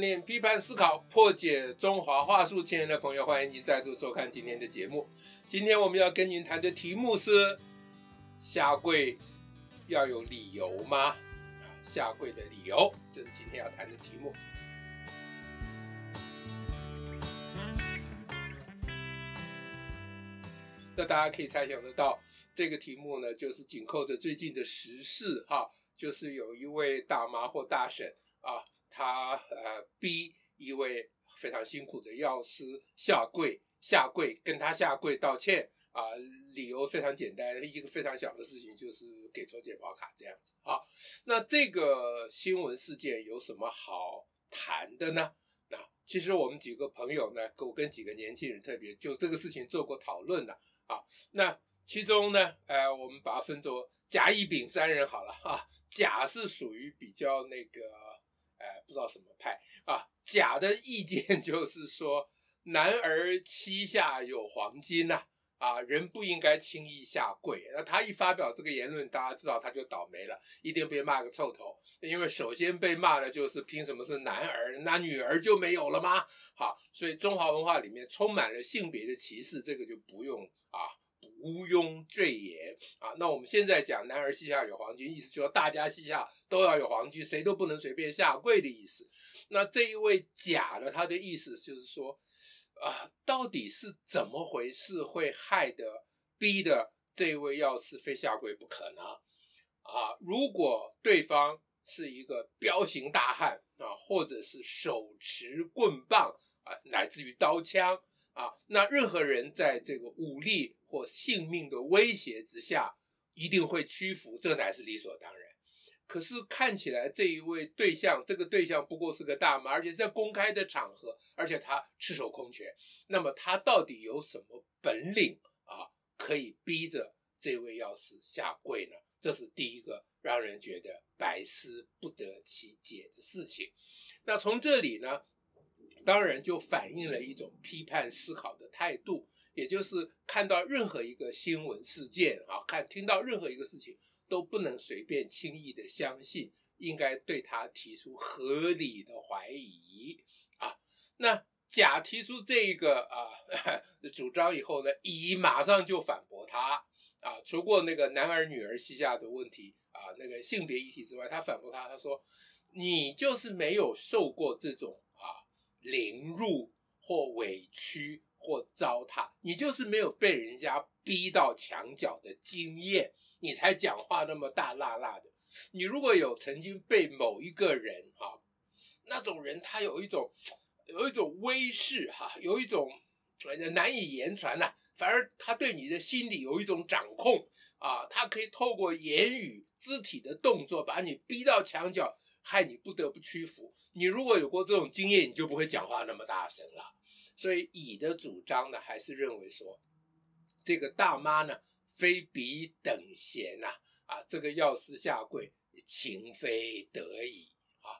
鍛鍊批判思考、破解中華話術千驗的朋友，歡迎您再度收看今天的節目。今天我們要跟您談的題目是：下跪要有理由嗎？下跪的理由，這是今天要談的題目。那大家可以猜想得到，這個題目呢，就是緊扣着最近的時事哈，就是有一位大媽或大嬸。啊，他呃逼一位非常辛苦的藥師下跪，下跪跟他下跪道歉啊，理由非常簡單，一個非常小的事情，就是給錯健保卡這樣子啊。那這個新聞事件有什麼好談的呢？啊，其實我們幾個朋友呢，跟我跟幾個年輕人特別就這個事情做過討論的啊。那其中呢，呃，我們把它分作甲乙丙三人好了啊。甲是屬於比較那個。不知道什麼派啊？甲的意見就是說，男兒膝下有黃金吶，啊，啊，人不應該輕易下跪。那他一發表這個言論，大家知道他就倒霉了，一定被罵個臭頭。因為首先被罵的就是憑什麼是男兒，那女兒就沒有了嗎？好，所以中華文化裡面充滿了性別的歧視，這個就不用啊。毋庸贅言啊，那我們現在講“男兒膝下有黃金”，意思就是說大家膝下都要有黃金，誰都不能隨便下跪的意思。那這一位假的，他的意思就是說，啊，到底是怎麼回事會害得逼的這一位要是非下跪不可呢？啊，如果對方是一個彪形大漢啊，或者是手持棍棒啊，乃至於刀槍。啊，那任何人在這個武力或性命的威脅之下，一定會屈服，這乃是理所當然。可是看起來這一位對象，這個對象不過是個大媽，而且在公開的場合，而且他赤手空拳，那麼他到底有什麼本領啊，可以逼着這位藥師下跪呢？這是第一個讓人覺得百思不得其解的事情。那從這裡呢？當然，就反映了一種批判思考的態度，也就是看到任何一個新聞事件啊，看聽到任何一個事情都不能隨便輕易的相信，應該對他提出合理的懷疑啊。那甲提出這一個啊主張以後呢，乙馬上就反駁他啊，除過那個男兒女兒膝下的問題啊，那個性別議題之外，他反駁他，他說你就是沒有受過這種。凌辱或委屈或糟蹋，你就是沒有被人家逼到牆角的經驗，你才講話那麼大剌剌的。你如果有曾經被某一個人啊，那種人他有一種有一種威勢哈、啊，有一種難以言傳吶、啊，反而他對你的心理有一種掌控啊，他可以透過言語、肢體的動作把你逼到牆角。害你不得不屈服。你如果有過這種經驗，你就不會講話那麼大聲了。所以乙的主張呢，還是認為說，這個大媽呢非比等閒吶，啊，啊，這個藥師下跪，情非得已啊。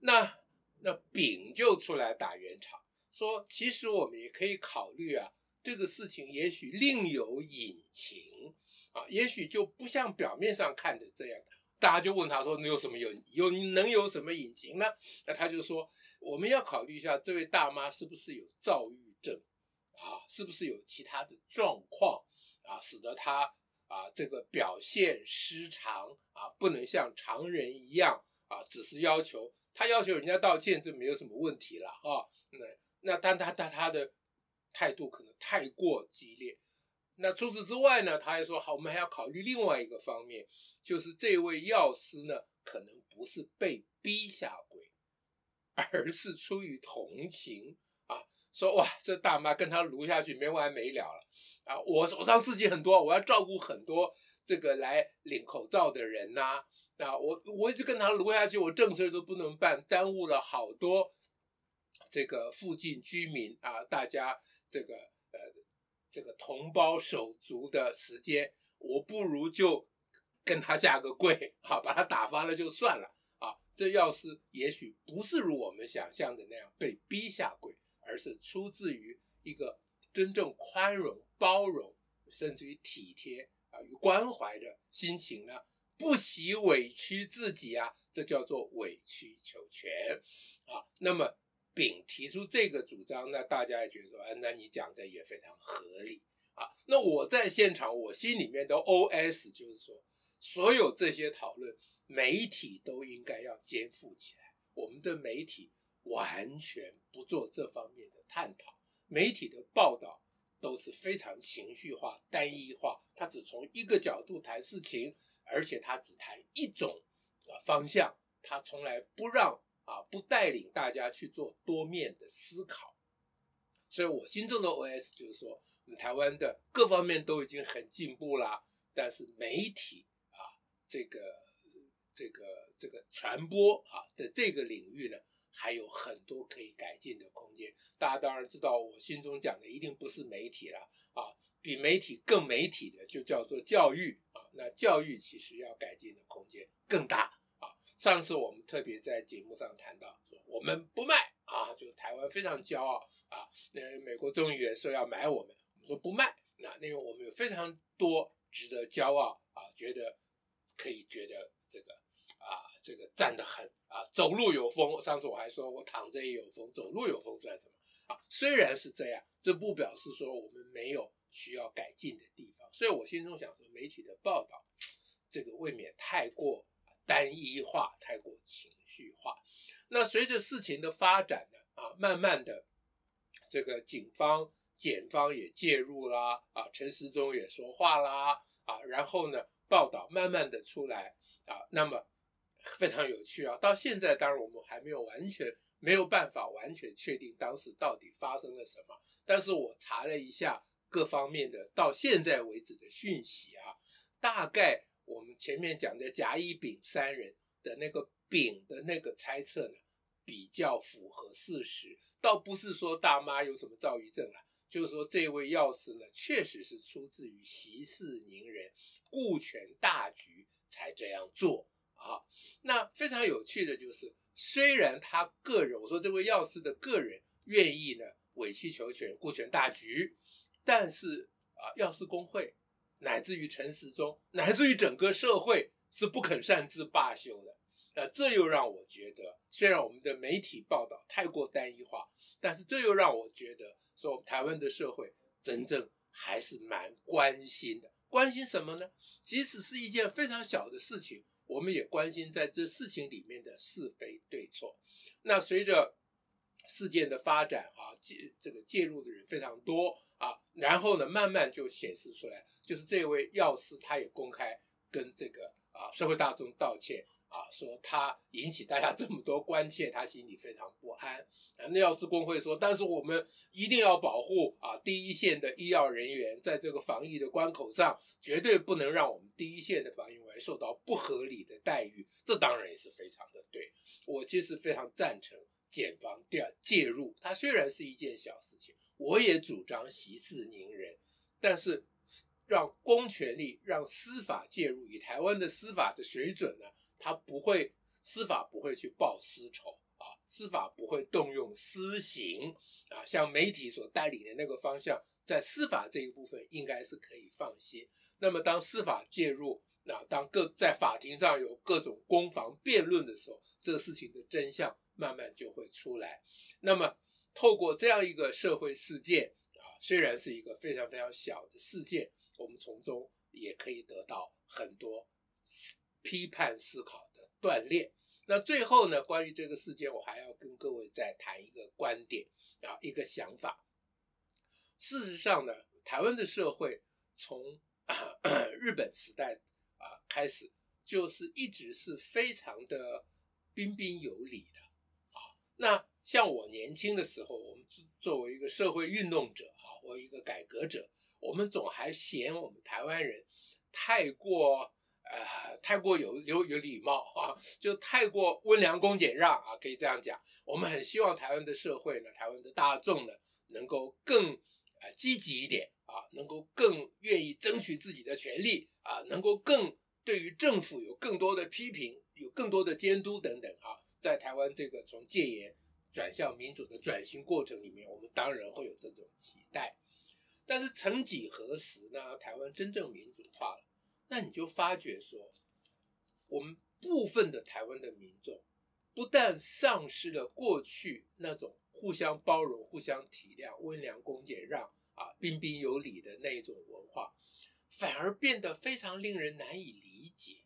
那那丙就出來打圓場，說其實我們也可以考慮啊，這個事情也許另有隱情啊，也許就不像表面上看的這樣。大家就問他說：“你有什麼有有能有什麼隱情呢？”那他就說：“我們要考慮一下，這位大媽是不是有躁鬱症，啊，是不是有其他的狀況啊，使得她啊這個表現失常啊，不能像常人一樣啊，只是要求她要求人家道歉，這沒有什麼問題了啊。嗯、那那，但她她她的態度可能太過激烈。”那除此之外呢？他還說好，我們還要考慮另外一個方面，就是這位藥師呢，可能不是被逼下跪，而是出於同情啊，說哇，這大媽跟他盧下去沒完沒了了啊！我手上事情很多，我要照顧很多這個來領口罩的人吶啊，啊！我我一直跟他盧下去，我正事都不能辦，耽誤了好多這個附近居民啊！大家這個呃。這個同胞手足的時間，我不如就跟他下個跪，好、啊、把他打發了就算了啊。這要是也許不是如我們想象的那樣被逼下跪，而是出自於一個真正寬容、包容，甚至於體貼啊與關懷的心情呢，不惜委屈自己啊，這叫做委曲求全啊。那麼。丙提出這個主張，那大家也覺得說，哎，那你講的也非常合理啊。那我在現場，我心裡面的 OS 就是說，所有這些討論，媒體都應該要肩負起來。我們的媒體完全不做這方面的探討，媒體的報道都是非常情緒化、單一化，它只從一個角度談事情，而且它只談一種啊方向，它從來不讓。啊，不帶領大家去做多面的思考，所以我心中的 OS 就是說，台灣的各方面都已經很進步了，但是媒體啊，這個、這個、這個傳播啊的這個領域呢，還有很多可以改進的空間。大家當然知道，我心中講的一定不是媒體了啊，比媒體更媒體的就叫做教育啊，那教育其實要改進的空間更大。上次我們特別在節目上談到，說我們不賣啊，就台灣非常驕傲啊。那美國眾議員說要買我們，我們說不賣，那因為我們有非常多值得驕傲啊，覺得可以覺得這個啊，這個站得很啊，走路有風。上次我還說我躺着也有風，走路有風算什麼啊？雖然是這樣，這不表示說我們沒有需要改進的地方。所以我心中想說，媒體的報道這個未免太過單一化，太過情緒化。那隨着事情的發展呢，啊，慢慢的，這個警方、檢方也介入啦，啊，陳時中也說話啦，啊，然後呢，報道慢慢的出來啊，那麼非常有趣啊。到現在，當然我們還沒有完全沒有辦法完全確定當時到底發生了什麼，但是我查了一下各方面的到現在為止的訊息啊，大概。我們前面講的甲乙丙三人的那個丙的那個猜測呢，比較符合事實，倒不是說大媽有什麼躁鬱症啊，就是說這位藥師呢，確實是出自於息事寧人、顧全大局才這樣做啊。那非常有趣的就是，雖然他個人，我說這位藥師的個人願意呢委曲求全、顧全大局，但是啊，藥師工會。乃至於陳時中，乃至於整個社會是不肯善罷甘休的。呃，這又讓我覺得，雖然我們的媒體報道太過單一化，但是這又讓我覺得，說我們台灣的社會真正還是蠻關心的。關心什麼呢？即使是一件非常小的事情，我們也關心在這事情裡面的是非對錯。那隨着。事件的發展啊，介這個介入的人非常多啊，然後呢，慢慢就顯示出來，就是這位藥師他也公開跟這個啊社會大眾道歉啊，說他引起大家這麼多關切，他心裡非常不安啊。那藥師公會說，但是我們一定要保護啊第一線的醫藥人員，在這個防疫的關口上，絕對不能讓我們第一線的防疫人員受到不合理的待遇，這當然也是非常的對，我其實非常贊成。檢方第二介入，它雖然是一件小事情，我也主張息事寧人，但是讓公權力、讓司法介入，以台灣的司法的水準呢，它不會司法不會去報私仇啊，司法不會動用私刑啊，像媒體所帶領的那個方向，在司法這一部分應該是可以放心。那麼當司法介入，那、啊、當各在法庭上有各種攻防辯論的時候，這個事情的真相。慢慢就會出來。那麼，透過這樣一個社會事件啊，雖然是一個非常非常小的事件，我們從中也可以得到很多批判思考的鍛鍊。那最後呢，關於這個事件，我還要跟各位再談一個觀點啊，一個想法。事實上呢，台灣的社會從，啊，日本時代啊開始，就是一直是非常的彬彬有禮的。那像我年輕的時候，我們作作為一個社會運動者啊，或一個改革者，我們總還嫌我們台灣人太過呃太過有有有禮貌啊，就太過溫良恭儉讓啊，可以這樣講。我們很希望台灣的社會呢，台灣的大眾呢，能夠更呃積極一點啊，能夠更願意爭取自己的權利啊，能夠更對於政府有更多的批評，有更多的監督等等啊。在台灣這個從戒嚴轉向民主的轉型過程裡面，我們當然會有這種期待。但是，曾幾何時呢？台灣真正民主化了，那你就發覺說，我們部分的台灣的民眾不但喪失了過去那種互相包容、互相體諒、溫良恭儉讓啊、彬彬有禮的那一種文化，反而變得非常令人難以理解，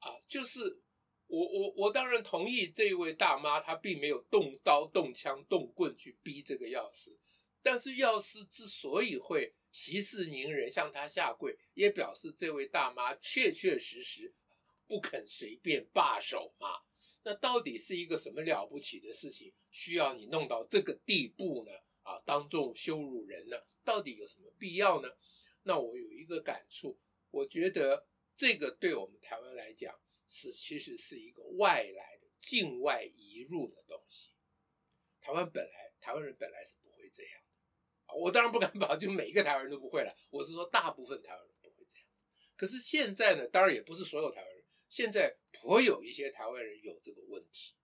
啊，就是。我我我當然同意這一位大媽，她並沒有動刀動槍動棍去逼這個藥師，但是藥師之所以會息事寧人向她下跪，也表示這位大媽確確實實不肯隨便罷手嘛。那到底是一個什麼了不起的事情，需要你弄到這個地步呢？啊，當眾羞辱人呢？到底有什麼必要呢？那我有一個感觸，我覺得這個對我們台灣來講。是，其實是一個外來的、境外移入的東西。台灣本來，台灣人本來是不會這樣的。我當然不敢保證每一個台灣人都不會了，我是說大部分台灣人不會這樣子。可是現在呢，當然也不是所有台灣人，現在頗有一些台灣人有這個問題。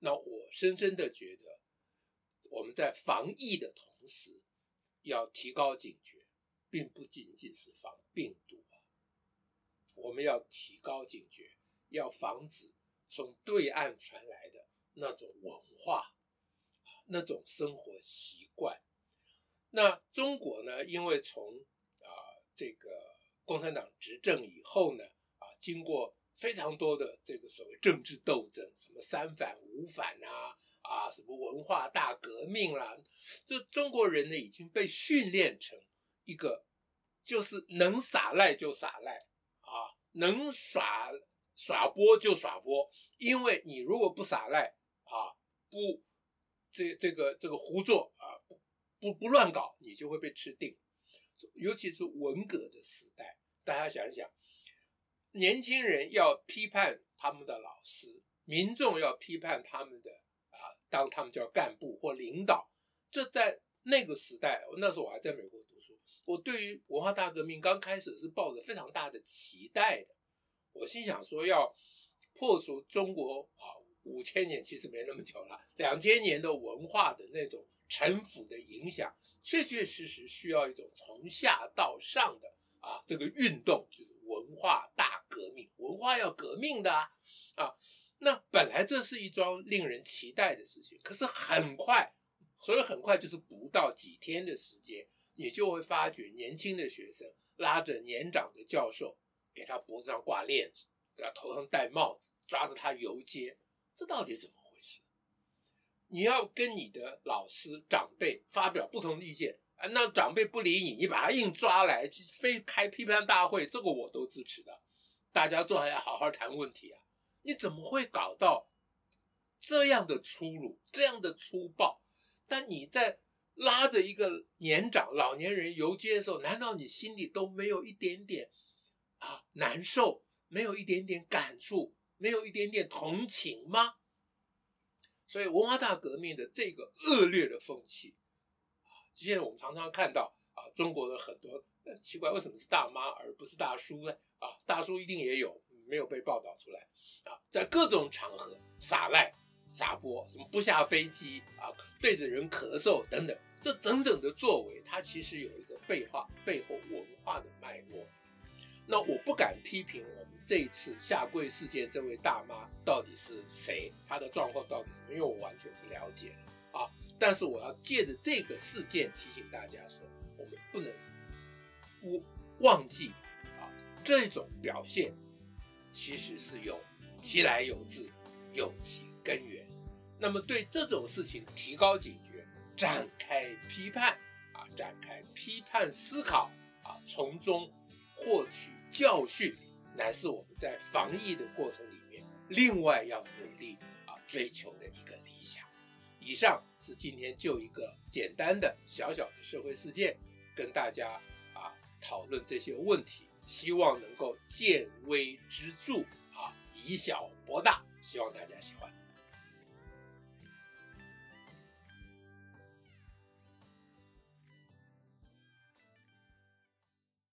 那我深深地覺得，我們在防疫的同時，要提高警覺，並不僅僅是防病毒啊，我們要提高警覺。要防止從對岸傳來的那種文化，那種生活習慣。那中國呢？因為從啊、呃、這個共產黨執政以後呢，啊，經過非常多的這個所謂政治鬥爭，什麼三反五反啊，啊，什麼文化大革命啦，啊，這中國人呢已經被訓練成一個，就是能耍賴就耍賴啊，能耍。耍潑就耍潑，因為你如果不撒賴啊，不這這個這個胡作啊，不不亂搞，你就會被吃定。尤其是文革的時代，大家想一想，年輕人要批判他們的老師，民眾要批判他們的啊，當他們叫幹部或領導，這在那個時代，那時候我還在美國讀書，我對於文化大革命剛開始是抱着非常大的期待的。我心想說，要破除中國啊五千年其實沒那麼久了，兩千年的文化的那種臣服的影響，確確實實需要一種從下到上的啊這個運動，就是文化大革命，文化要革命的啊，啊。那本來這是一樁令人期待的事情，可是很快，所以很快就是不到幾天的時間，你就會發覺年輕的學生拉着年長的教授。給他脖子上掛鏈子，給他頭上戴帽子，抓着他遊街，這到底怎麼回事？你要跟你的老師長輩發表不同意見，啊，那長輩不理你，你把他硬抓來，去非開批判大會，這個我都支持的。大家坐下來好好談問題啊！你怎麼會搞到這樣的粗魯，這樣的粗暴？但你在拉着一個年長老年人遊街的時候，難道你心裡都沒有一點點？啊，難受，沒有一點點感觸，沒有一點點同情嗎？所以文化大革命的這個惡劣的風氣啊，現在我們常常看到啊，中國的很多、啊、奇怪，為什麼是大媽而不是大叔呢？啊，大叔一定也有，沒有被報道出來啊，在各種場合耍賴、撒潑，什麼不下飛機啊，對着人咳嗽等等，這整整的作為，它其實有一個背話背後文化的脈絡。那我不敢批評我們這一次下跪事件這位大媽到底是誰？她的狀況到底是什麼？因為我完全不了解了啊。但是我要借着這個事件提醒大家說，我們不能不忘記啊，這種表現其實是有其來有自，有其根源。那麼對這種事情提高警覺，展開批判啊，展開批判思考啊，從中獲取。教訓乃是我們在防疫的過程裡面，另外要努力啊追求的一個理想。以上是今天就一個簡單的小小的社會事件跟大家啊討論這些問題，希望能夠見微知著啊，以小博大，希望大家喜歡。